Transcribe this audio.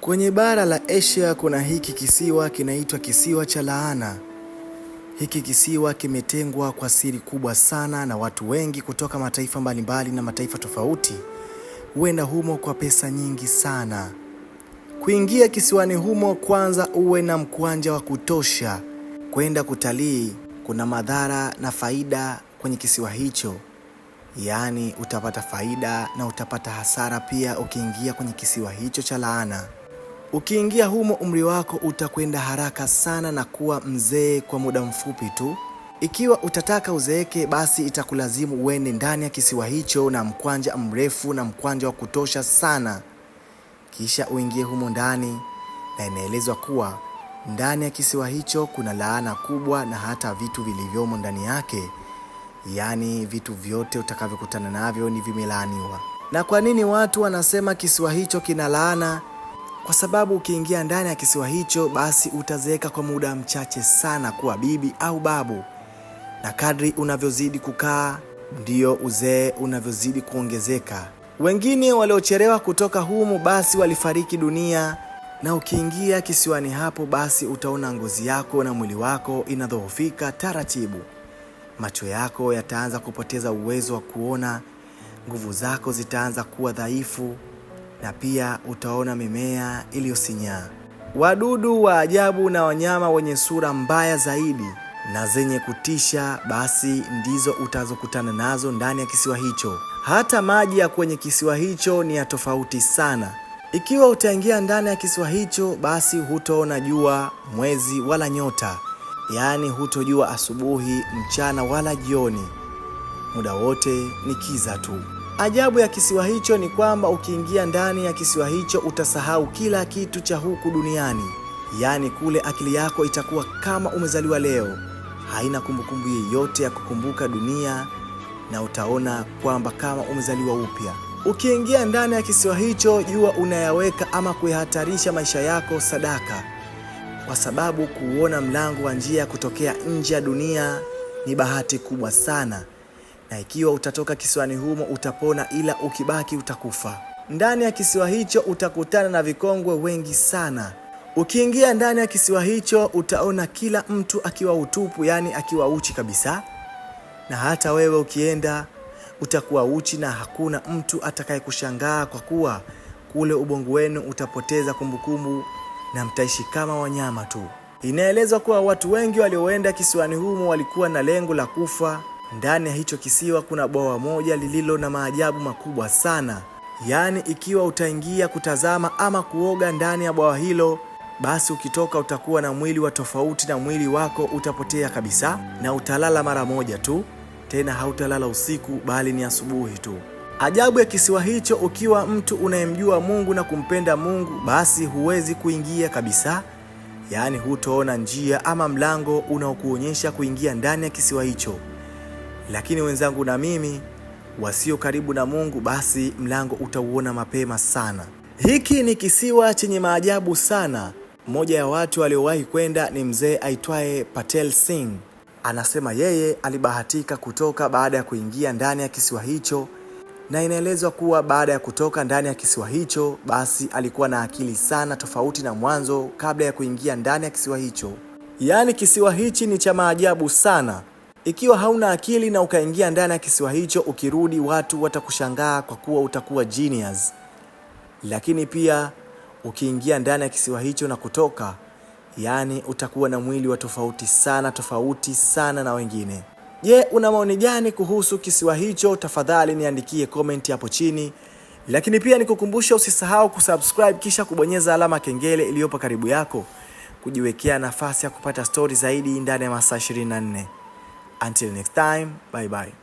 Kwenye bara la Asia kuna hiki kisiwa kinaitwa kisiwa cha laana. Hiki kisiwa kimetengwa kwa siri kubwa sana na watu wengi kutoka mataifa mbalimbali na mataifa tofauti huenda humo kwa pesa nyingi sana. Kuingia kisiwani humo, kwanza uwe na mkwanja wa kutosha kwenda kutalii. Kuna madhara na faida kwenye kisiwa hicho, yaani utapata faida na utapata hasara pia ukiingia kwenye kisiwa hicho cha laana. Ukiingia humo umri wako utakwenda haraka sana na kuwa mzee kwa muda mfupi tu. Ikiwa utataka uzeeke, basi itakulazimu uende ndani ya kisiwa hicho na mkwanja mrefu na mkwanja wa kutosha sana, kisha uingie humo ndani, na inaelezwa kuwa ndani ya kisiwa hicho kuna laana kubwa na hata vitu vilivyomo ndani yake, yaani vitu vyote utakavyokutana navyo ni vimelaaniwa. Na kwa nini watu wanasema kisiwa hicho kina laana? kwa sababu ukiingia ndani ya kisiwa hicho, basi utazeeka kwa muda mchache sana kuwa bibi au babu, na kadri unavyozidi kukaa ndio uzee unavyozidi kuongezeka. Wengine waliochelewa kutoka humu basi walifariki dunia, na ukiingia kisiwani hapo, basi utaona ngozi yako na mwili wako inadhoofika taratibu, macho yako yataanza kupoteza uwezo wa kuona, nguvu zako zitaanza kuwa dhaifu na pia utaona mimea iliyosinyaa, wadudu wa ajabu na wanyama wenye sura mbaya zaidi na zenye kutisha, basi ndizo utazokutana nazo ndani ya kisiwa hicho. Hata maji ya kwenye kisiwa hicho ni ya tofauti sana. Ikiwa utaingia ndani ya kisiwa hicho, basi hutoona jua, mwezi wala nyota, yaani hutojua asubuhi, mchana wala jioni, muda wote ni kiza tu. Ajabu ya kisiwa hicho ni kwamba ukiingia ndani ya kisiwa hicho utasahau kila kitu cha huku duniani. Yaani kule akili yako itakuwa kama umezaliwa leo, haina kumbukumbu yoyote ya kukumbuka dunia, na utaona kwamba kama umezaliwa upya. Ukiingia ndani ya kisiwa hicho, jua unayaweka ama kuyahatarisha maisha yako sadaka, kwa sababu kuuona mlango wa njia ya kutokea nje ya dunia ni bahati kubwa sana na ikiwa utatoka kisiwani humo utapona, ila ukibaki utakufa. Ndani ya kisiwa hicho utakutana na vikongwe wengi sana. Ukiingia ndani ya kisiwa hicho utaona kila mtu akiwa utupu, yaani akiwa uchi kabisa, na hata wewe ukienda utakuwa uchi na hakuna mtu atakayekushangaa kwa kuwa kule ubongo wenu utapoteza kumbukumbu na mtaishi kama wanyama tu. Inaelezwa kuwa watu wengi walioenda kisiwani humo walikuwa na lengo la kufa ndani ya hicho kisiwa kuna bwawa moja lililo na maajabu makubwa sana. Yaani, ikiwa utaingia kutazama ama kuoga ndani ya bwawa hilo, basi ukitoka utakuwa na mwili wa tofauti na mwili wako utapotea kabisa, na utalala mara moja tu, tena hautalala usiku, bali ni asubuhi tu. Ajabu ya kisiwa hicho, ukiwa mtu unayemjua Mungu na kumpenda Mungu, basi huwezi kuingia kabisa, yaani hutoona njia ama mlango unaokuonyesha kuingia ndani ya kisiwa hicho. Lakini wenzangu na mimi wasio karibu na Mungu, basi mlango utauona mapema sana. Hiki ni kisiwa chenye maajabu sana. Mmoja ya watu waliowahi kwenda ni mzee aitwaye Patel Singh. Anasema yeye alibahatika kutoka baada ya kuingia ndani ya kisiwa hicho, na inaelezwa kuwa baada ya kutoka ndani ya kisiwa hicho, basi alikuwa na akili sana tofauti na mwanzo kabla ya kuingia ndani ya kisiwa hicho. Yaani kisiwa hichi ni cha maajabu sana. Ikiwa hauna akili na ukaingia ndani ya kisiwa hicho, ukirudi watu watakushangaa kwa kuwa utakuwa genius. Lakini pia ukiingia ndani ya kisiwa hicho na kutoka, yaani utakuwa na mwili wa tofauti sana tofauti sana na wengine. Je, una maoni gani kuhusu kisiwa hicho? Tafadhali niandikie comment hapo chini, lakini pia nikukumbusha, usisahau kusubscribe kisha kubonyeza alama kengele iliyopo karibu yako, kujiwekea nafasi ya kupata stori zaidi ndani ya masaa 24. Until next time, bye bye.